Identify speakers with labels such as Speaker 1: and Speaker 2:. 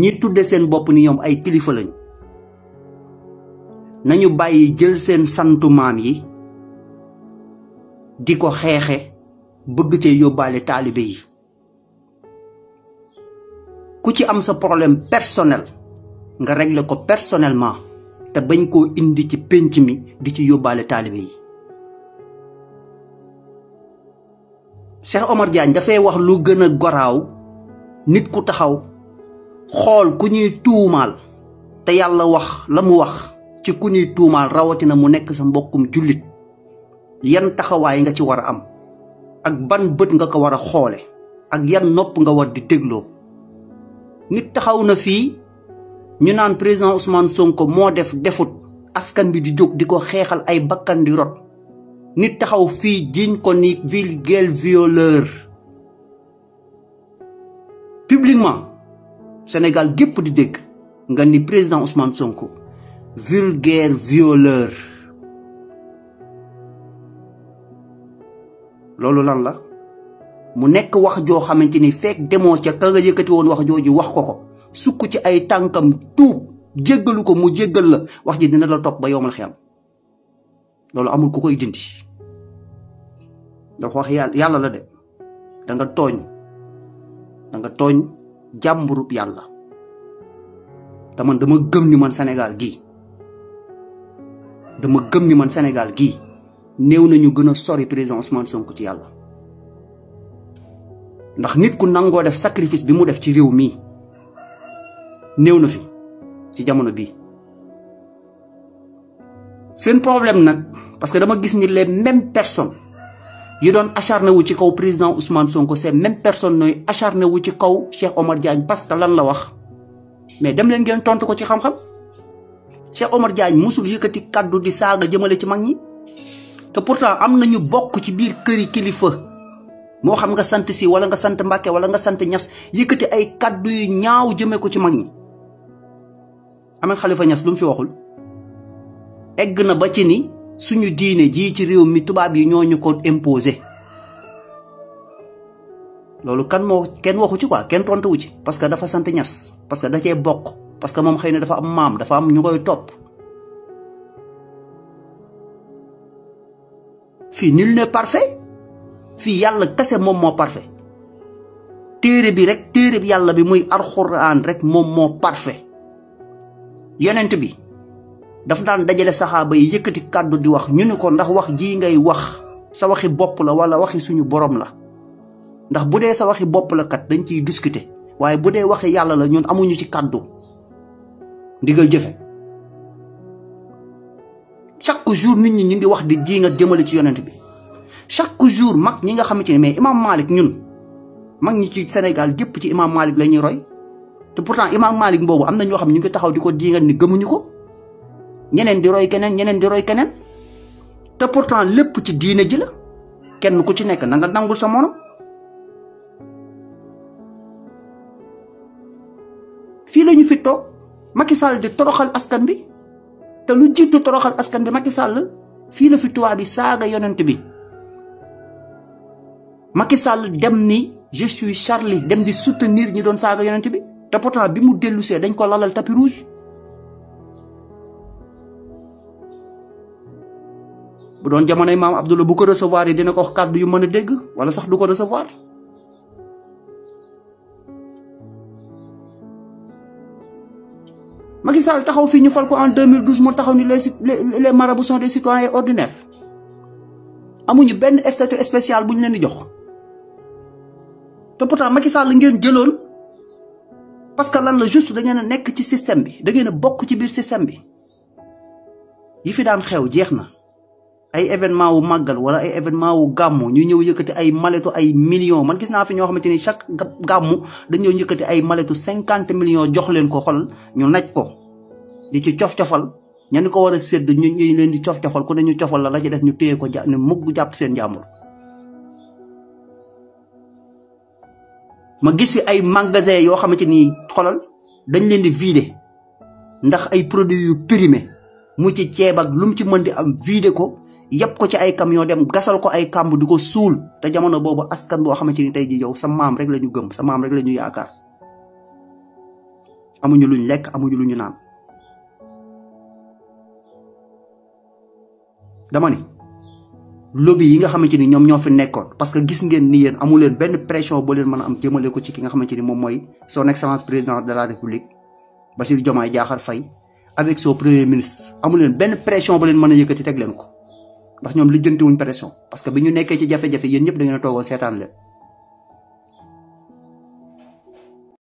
Speaker 1: ñi tudde seen bopp ni ñoom ay kilifa lañu nañu bàyyi jël seen santu maam yi di ko xeexe bëgg cee yóbbaale taalibe yi ku ci am sa problème personnel nga régler ko personnellement te bañ koo indi ci pénc mi di ci yóbbaale taalibe yi Cheikh Omar Diagne dafay wax lu gën a goraaw nit ku taxaw xool ku ñuy tuumaal te yàlla wax la mu wax ci ku ñuy tuumaal rawatina mu nekk sa mbokkum jullit yan taxawaay nga ci war a am ak ban bët nga ko war a xoole ak yan nopp nga war di dégloo nit taxaw na fii ñu naan président Ousmane Sonko moo def defut askan bi di jóg di ko xeexal ay bakkan di nit taxaw fii jiiñ ko ni vulgaire violeur publiquement Sénégal gépp di dégg nga ni président Ousmane Sonko vulgaire violeur loolu lan la mu nekk wax joo xamante ni fekk demoo ca ka nga woon wax jooju wax ko ko sukk ci ay tànkam tuub jéggalu ko mu jëggal la wax ji dina la topp ba yowmal xiyam loolu amul ku koy dindi dafa wax yàlla yàlla la de da nga tooñ da tooñ jàmburub yàlla te dama gëm ni man Sénégal gi dama gëm ni man Sénégal gii néew nañu gën a sori président Ousmane Sonko ci yàlla ndax nit ku nangoo def sacrifice bi mu def ci réew mi néew na fi ci jamono bii seen problème nag parce que dama gis ni les mêmes personnes yi doon acharné wu ci kaw président Ousmane Sonko ces mêmes person nooy acharné wu ci kaw Cheikh Omar Diagne parce que lan la wax mais dem leen ngeen tontu ko ci xam-xam Cheikh Omar Diagne mosul yëkkati kaddu di saaga jëmale ci mag ñi te pourtant am nañu bokk ci biir këri kilifa moo xam nga sant si wala nga sant Mbàkke wala nga sant Ñas yëkkati ay kaddu yu ñaaw jëmee ko ci mag ñi Ahmed Khalifa Ñas lu mu fi waxul egg na ba ci ni suñu diine ji ci réew mi tubaab yi ñoo ñu ko imposé loolu kan moo kenn waxu ci quoi kenn tontuwu ci parce que dafa sant ñas parce que da bokk parce que moom xëy na dafa am maam dafa am ñu koy topp fii nul n'est parfait fii yàlla kese moom moo parfait téere bi rek téere bi yàlla bi muy alxuraan rek moom moo parfait yenent bi dafa daan dajale saxaaba yi yëkkati kàddu di wax ñu ni ko ndax wax ji ngay wax sa waxi bopp la wala waxi suñu borom la ndax bu dee sa waxi bopp la kat dañ ciy discuter waaye bu dee waxi yàlla la ñun amuñu ci kàddu ndigal jëfe chaque jour nit ñi ñu ngi wax di ji nga jëmale ci yonent bi chaque jour mag ñi nga xamante ne mais imam Malik ñun mag ñi ci senegal yëpp ci imam Malik la ñuy roy te pourtant imam Malik boobu am na ñoo xam ñu ngi taxaw di ko ji ni gëmuñu ko. ñeneen di roy keneen ñeneen di keneen te pourtant lépp ci diine ji la kenn ku ci nekk nanga nga nangul sa morom fii la ñu fi toog Macky Sall di toroxal askan bi te lu jiitu toroxal askan bi Macky Sall fii la fi tubaab bi saaga yonent bi Macky Sall dem ni je suis Charlie dem di soutenir ñi doon saaga yonent bi te pourtant bi mu dellusee dañ ko lalal tapis rouge bu doon jamonoy maam Abdoulaye bu ko recevoir yi dina ko wax yu mën a dégg wala sax du ko recevoir Macky Sall taxaw fii ñu fal ko en 2012 mu taxaw ni les les marabouts sont des citoyens ordinaires amuñu benn statut spécial bu ñu leen di jox te pourtant Macky Sall ngeen jëloon parce que lan la juste da ngeen a nekk ci système bi da ngeen bokk ci biir système bi yi fi daan xew jeex na. ay événement wu màggal wala ay événement wu gàmmu ñu ñëw yëkkati ay maletu ay millions man gis naa fi ñoo xamante ni chaque gàmmu dañoo yëkkati ay maletu cinquante million jox leen ko xol ñu naj ko di ci cof-cofal ña ni ko war a sédd ñu ñu leen di cof-cofal ku ne ñu cofal la la ci def ñu téye ko ja ne mugg jàpp seen jàmbur ma gis fi ay magasin yoo xamante ni xolal dañ leen di vider ndax ay produits yu périmé mu ci ceeb ak lu mu ci mën di am vider ko yépp ko ci ay camion dem gasal ko ay kàmb du ko suul te jamono boobu askan boo xamante ni tey ji yow sa maam rek la ñu gëm sa maam rek la ñu yaakaar amuñu luñ lekk amuñu lu ñu naan dama ni lobby yi nga xamante ni ñoom ñoo fi nekkoon parce que gis ngeen ni yéen amu leen benn pression boo leen mën a am jëmale ko ci ki nga xamante ni moom mooy son excellence président de la république Bassirou Diomaye Diakhar Faye avec son premier ministre amu leen benn pression ba leen mën a yëkkati teg leen ko ndax ñoom lijjanti wuñ pression parce que bi ñu nekkee ci jafe-jafe yéen ñëpp da ngeen a seetaan leen